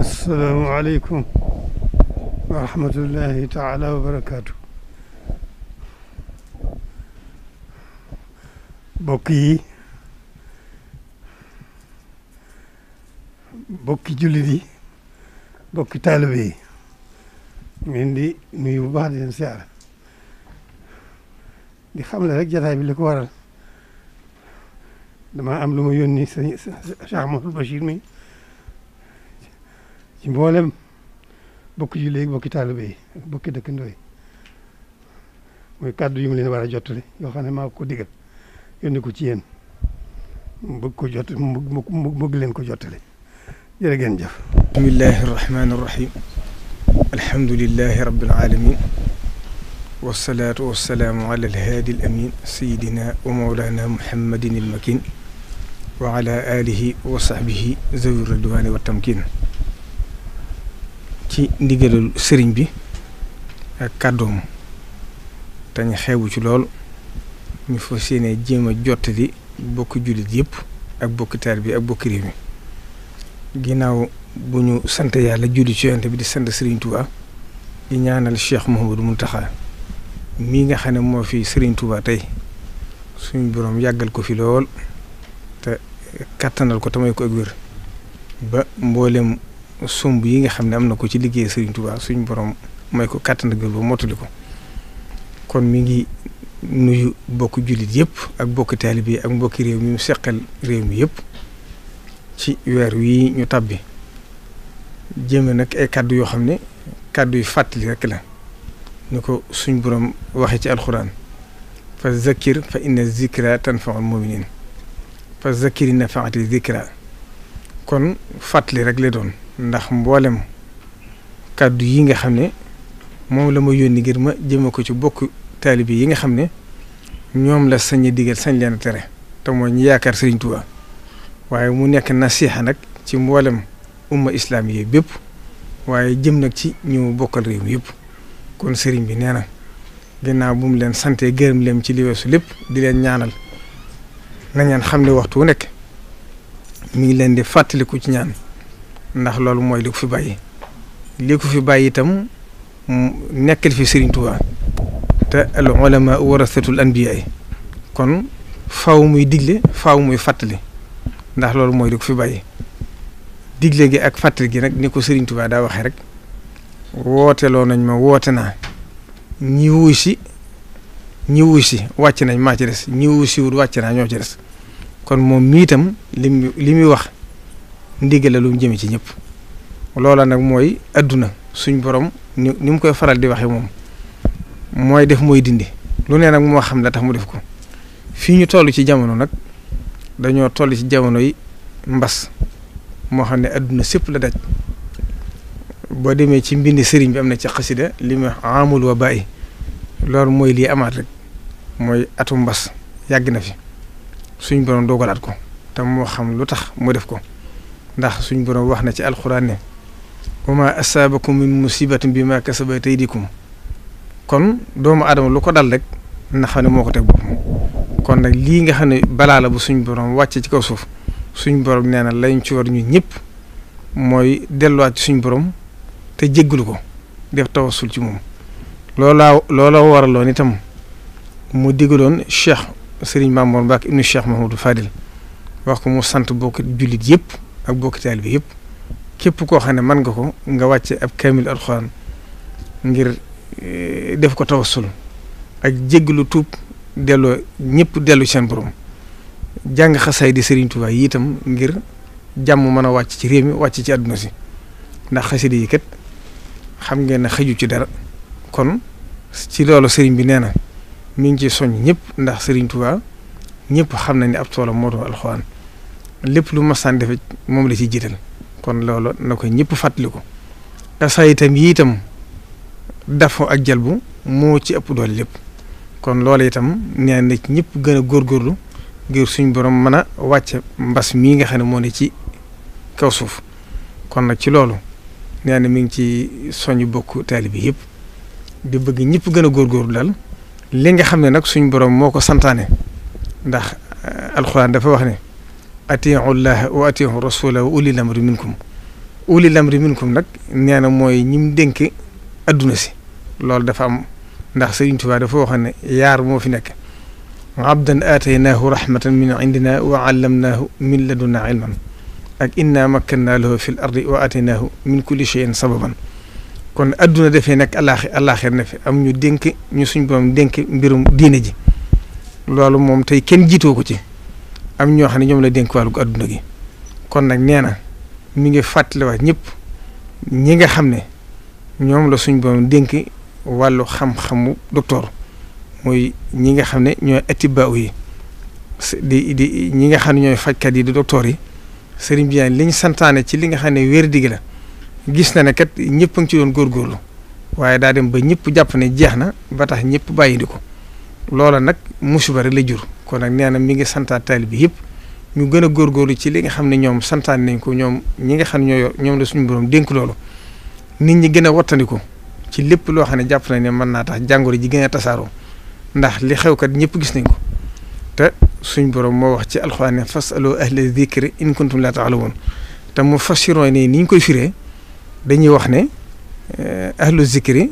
asalaamualeykum wa rahmatullahi taala wa barakaatu bokk yi bokki jullit yi bokki taalibe yi ngeen di nuyu bu baax di leen siyaare di xamle rek jataay bi li ko waral dama am lu ma yónni sëñ Cheikh Mahmoud Bachir mi ci mboolem bokki julli yi bokki taalibe yi bokki dëkkandoo yi mooy kàddu yu mu leen war a yoo xam maa ko digal yónni ko ci yéen mu bëgg ko jot mu bëgg leen bismillahi arrahmani arrahim alhamdulillahi rabbil alamin wasalaatu wasalaamu ala alhaadi al amin sayidina almakin wa ala wa sahbihi zawi ridwani wa tamkin ci ndigalul sëriñ bi ak kàddoom te ñu xeebu ci lool ñu fas yéene jéem a jottali bokk jullit yëpp ak bokki taar bi ak bokki réew mi ginnaaw bu ñu sant yàlla julli ci yonte bi di sant sëriñ Touba di ñaanal Cheikh Mouhamadou Mountakha mii nga xam ne moo fi sëriñ Touba tey suñu boroom yàggal ko fi lool te kattanal ko tamay ko ak wér ba mboolem sumb yi nga xam ne am na ko ci liggéey Serigne Touba suñ borom may ko kàttan ak ba mottali ko kon mi ngi nuyu bokk jullit yëpp ak bokk taalibe yi ak mbokki réew mi mu seqal réew mi yëpp ci weer wi ñu tabbi jéem nag ay kàddu yoo xam ne kàddu yu fàttali rek la ni ko suñ borom waxee ci alxuraan fa zakkir fa inna zikra tanfaul muminin fa zakkiri nafaati zikra kon fàttali rek la doon ndax mboolem kàddu yi nga xam ne moom la ma yónni ngir ma jëme ko ci bokk taalibe yi nga xam ne ñoom la sañ a sañ leen tere te mooy ñu yaakaar Sëriñ Tuubaa waaye mu nekk nasiixa nag ci mboolem umma islaam yi bépp waaye jëm nag ci ñu bokkal réew mi yëpp kon sëriñ bi nee na ginnaaw bu mu leen sante gërëm leen ci li su lépp di leen ñaanal nañ leen xam ne waxtu wu nekk mi ngi leen di fàttaliku ci ñaan ndax loolu mooy li ko fi bàyyi li ko fi bàyyi itam nekkal fi Serigne Touba te al ulama warasatul anbiya kon faaw muy digle faaw muy fàttali ndax loolu mooy li ko fi bàyyi digle gi ak fàttali gi nag ni ko Serigne Touba daa waxee rek wooteloo nañ ma woote naa ñi wuy si ñi wuy si wàcc nañ maa ci des ñi wuy si wut wàcc naa ñoo ci des kon moom mii itam li muy wax. ndigale lu mu jëme ci ñëpp loola nag mooy adduna suñ borom ni mu koy faral di waxee moom mooy def mooy dindi lu ne nag moo xam la tax mu def ko fii ñu toll ci jamono nag dañoo toll ci jamono yi mbas moo xam ne adduna sépp la daj boo demee ci mbind sëriñ bi am na ci xasida li mu amul wa bàyyi loolu mooy lii amaat rek mooy atu mbas yàgg na fi suñ borom doogalaat ko te moo xam lu tax mu def ko ndax suñ borom wax na ci alxuraan ne wa ma asaabakum min musibatin bi ma kasabat aydikum kon doomu aadama lu ko dal rek na xam ne moo ko teg boppam kon nag lii nga xam ne balaa la bu suñ borom wàcce ci kaw suuf suñ borom nee na lañ ci war ñun ñëpp mooy delluwaat ci suñ borom te jéggalu ko def tawassul ci moom loola looloo waraloon itam mu digaloon cheikh Serigne Mamour Mbacke ibnu cheikh Mahamadou Fadil wax ko mu sant bokk jullit yëpp. ak bokk taal bi yëpp képp koo xam ne mën nga ko nga wàcce ab kaamil alxuraan ngir eh, def ko tawassul ak jégglu tuub delloo ñëpp dellu seen borom jàng xasaay di Serigne Touba yi itam ngir jàmm mën a wàcc ci réew mi wàcc ci àdduna si ndax xasida yi xam ngeen ne xëju ci dara kon ci loolu Serigne bi nee na mi ngi ci soññ ñëpp ndax Serigne Touba ñëpp xam na ni ab toolam moo doon alxuraan lépp lu masaan defe moom la ci jiital kon loolu na ko ñëpp fàttaliku xasaay itam yi itam dafo ak jalbu moo ci ëpp doole lépp kon loolu itam nee na ñëpp gën a góor góorlu ngir suñ borom mën a wàcce mbas mii nga xam ne moo ne ci kaw suuf kon nag ci loolu nee na mi ngi ci soñu bokk taali bi yëpp di bëgg ñëpp gën a góor góorgóorlu daal li nga xam ne nag suñ borom moo ko santaane ndax eh, alxuraan dafa wax ne atiu llah wa atiu rasula wa ulil amri minkum ulil amri minkum nag nee na mooy ñim dénk adduna si loolu dafa am ndax Sëriñ Tuubaa dafa waxoon ne yaar moo fi nekk abdan aataynaahu rahmatan min indina wa allamnaahu min ladunna ilman ak inna makkannaa lahu fi l ardi wa aataynaahu min kulli cheyin sababan kon adduna dafee nekk alaaxi alaaxir na fi am ñu dénk ñu suñ borom dénk mbirum diine ji loolu moom tey kenn jiitoo ko ci am ñoo xam ne ñoom la dénk wàllu adduna gi kon nag nee na mu ngi fàttali fàttaliwaat ñëpp ñi nga xam ne ñoom la suñ borom dénk wàllu xam-xamu docteur mooy ñi nga xam ne ñooy atibaaw yi di di ñi nga xam ne ñooy fajkat yi di docteur yi sëriñ bi li santaane ci li nga xam ne wéer digg la gis na ne kat ñëpp a ci doon góorgóorlu waaye daa dem ba ñëpp jàpp ne jeex na ba tax ñëpp bàyyi di ko loola nag musiba rek la jur. kon nag nee na mi ngi santaat taalibe bi yëpp ñu gën a góorgóorlu ci li nga xam ne ñoom santaan nañ ko ñoom ñi nga xam ne ñoo ñoom la suñu borom dénk loolu nit ñi gën a wattandiku ci lépp loo xam ne jàpp nañ ne mën naa tax jàngoro ji gën tasaaroo ndax li xew kat ñëpp gis nañ ko te suñ borom moo wax ci alxuraan ne fasalu ahla zikri in kuntum laa ta'lamuun te mu fassiroon nii ni ñu koy firee dañuy wax ne eh, ahlu zikri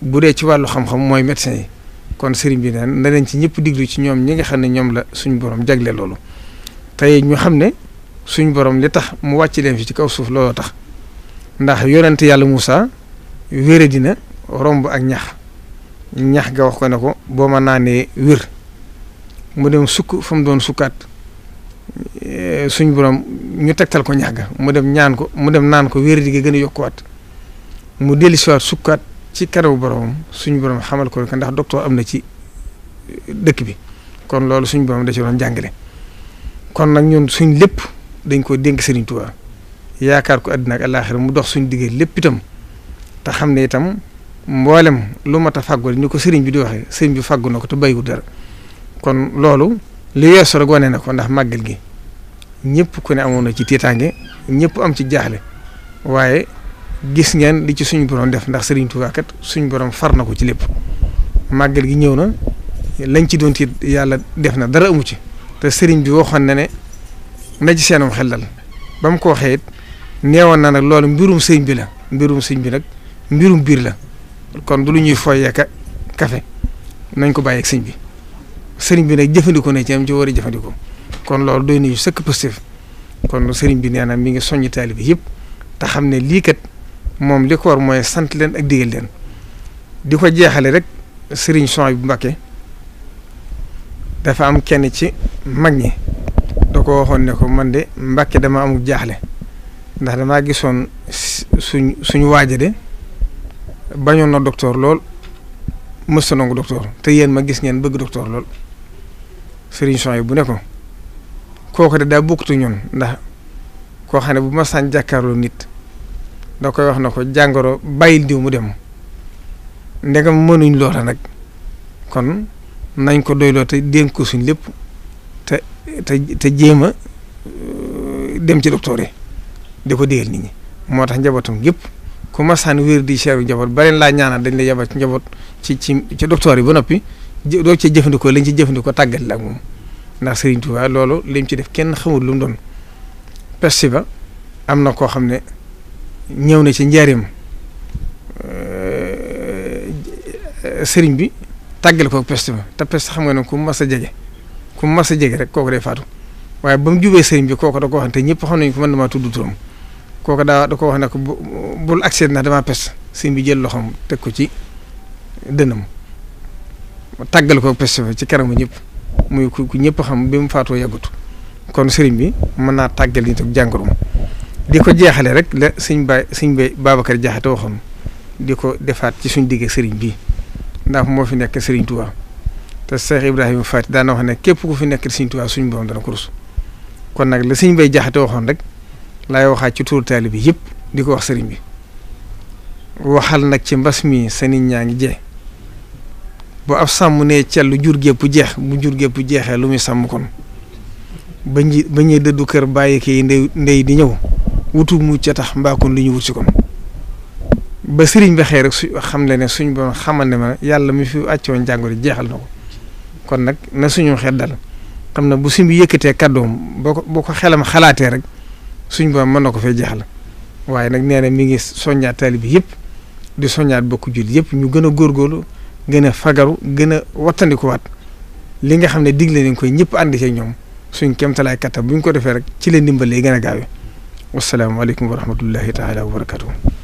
bu dee ci wàllu xam-xam mooy médecin yi kon sëriñ bi neen na leen ci ñëpp diglu ci ñoom ñi nga xam ne ñoom la suñu borom jagle loolu tey ñu xam ne suñ borom li tax mu wàcc leen fi ci kaw suuf looloo tax ndax yonent yàlla Moussa wére dina romb ak ñax ñax ga wax ko ne ko boo ma naanee wér mu dem sukk fa mu doon sukkaat eh, suñ borom ñu tegtal ko ñax ga mu dem ñaan ko mu dem naan ko wér di ga gën a yokkuwaat mu dellusiwaat sukkaat. ci kanamu boromam suñu borom xamal ko ndax docteur am na ci dëkk bi kon loolu suñu borom da ci doon jàngale kon nag ñun suñ lépp dañ ko dénk Serigne Touba yaakaar ko àddina ak àllaaxira mu dox suñ diggee lépp itam te xam ne itam mboolem lu mat a fàggul ni ko sëriñ bi di waxee Serigne bi fàggu na ko te bayiwul dara kon loolu li weesu rek wane na ko ndax màggal gi ñëpp ku ne amoon na ci tiitaange ñëpp am ci jaaxle waaye. gis ngeen li ci suñ borom def ndax sëriñ Touba kat suñu borom far na ko ci lépp màggal gi ñëw na lañ ci doon tiit yàlla def na dara amu ci te sëriñ bi waxoon na ne na ci seenum ko waxee neewoon na nag loolu mbirum sëñ bi la mbirum sëñ bi nag mbirum biir la kon du lu ñuy foyee ka kafe nañ ko bàyyeeg sëñ bi sëriñ bi nag jëfandikoo ne ci am ci war a jëfandikoo kon loolu doy nañu sëkk positif kon sëriñ bi nee na mi ngi soññ taalibe yëpp te xam ne lii kat. moom li mooy sant leen ak digal leen di ko jeexale rek sëriñ Suwaybu bu Mbàkke dafa am kenn ci mag ñi da ko waxoon ne ko man de Mbàkke dama amul jaaxle ndax damaa gisoon suñ suñu waaja de bañoon na docteur lool mësta nangu docteur te yéen ma gis ngeen bëgg docteur lool sëriñ Suwaybu bu ne ko kooku de daa bokkutu ñun ndax koo xam ne bu ma sàñ jàkkaarloo nit da koy wax na ko jàngoro bàyyil diw mu dem ndegam mënuñ loola nag kon nañ ko doyloo te dénk ko suñ lépp te te te jéem a euh, dem ci docteur yi di ko digal nii ñi moo tax njabootum gépp ku masaan wér di seeru njaboot ba leen laa ñaanal dañ lay yaba ci njaboot ci ci ci docteur yi ba noppi doo ci jëfandikoo lañ ci jëfandikoo tàggat la moom ndax Serigne Touba loolu ci def kenn xamul lu mu doon peste am na koo xam ne. ñëw na ci njaarim euh, sëriñ bi tàggal ko peste ba te peste xam nga ne ku mas a jege ku mas a jege rek kooku day faatu waaye ba mu jubee sëriñ bi kooku da ko wax te ñëpp xam nañ ko man damaa tudd turam daa da ko wax ne ko bul accès ndax damaa peste sëriñ bi jël loxoom teg ko ci dënam tàggal ko peste ba ci kanamu ñëpp muy ku ñëpp xam bi mu faatoo yàggut kon sëriñ bi mën naa tàggal nit ak jàngoro di ko jeexale rek la suñ baay suñ bay Babacar Diakhate waxoon di ko defaat ci suñ digge sëriñ bi ndax moo fi nekk sëriñ Tuubaa te Cheikh Ibrahima Faty daana wax ne képp ku fi nekk sëriñ Tuubaa suñ borom dana ko rus kon nag la suñ bay jaxate waxoon rek laay waxaat ci tuur taali bi yëpp di ko wax sëriñ bi waxal nag ci mbas mi sa nit ñaa ngi jee bu ab sàmm ne cellu jur gépp jeex bu jur gépp jeexee lu muy sàmm kon ba ñi ba ñuy dëddu kër bàyyi ki ndey ndey di ñëw wutu mu ca tax mbaa kon li ñu wut si kon ba sëriñ ba xëy rek su xam le ne suñ boon xamal ne ma yàlla mi fi àccoon jàngoro jeexal na ko kon nag na suñu xeet dal xam na bu suñ bi yëkkatee kàddoom boo ko boo ko xalaatee rek suñ boon mën na ko fay jeexal waaye nag nee na mi ngi soññaat taalibe yëpp di soññaat bokk jul yëpp ñu gën a góor góorgóorlu gën a fagaru gën a wattandikuwaat li nga xam ne digle nañ koy ñëpp ànd ci ñoom suñ kéemtalaay kattan bu ñu ko defee rek ci la ndimbal yi gën a gaawee wasalaamualeykum wa rahmatullahi taala wa barakatu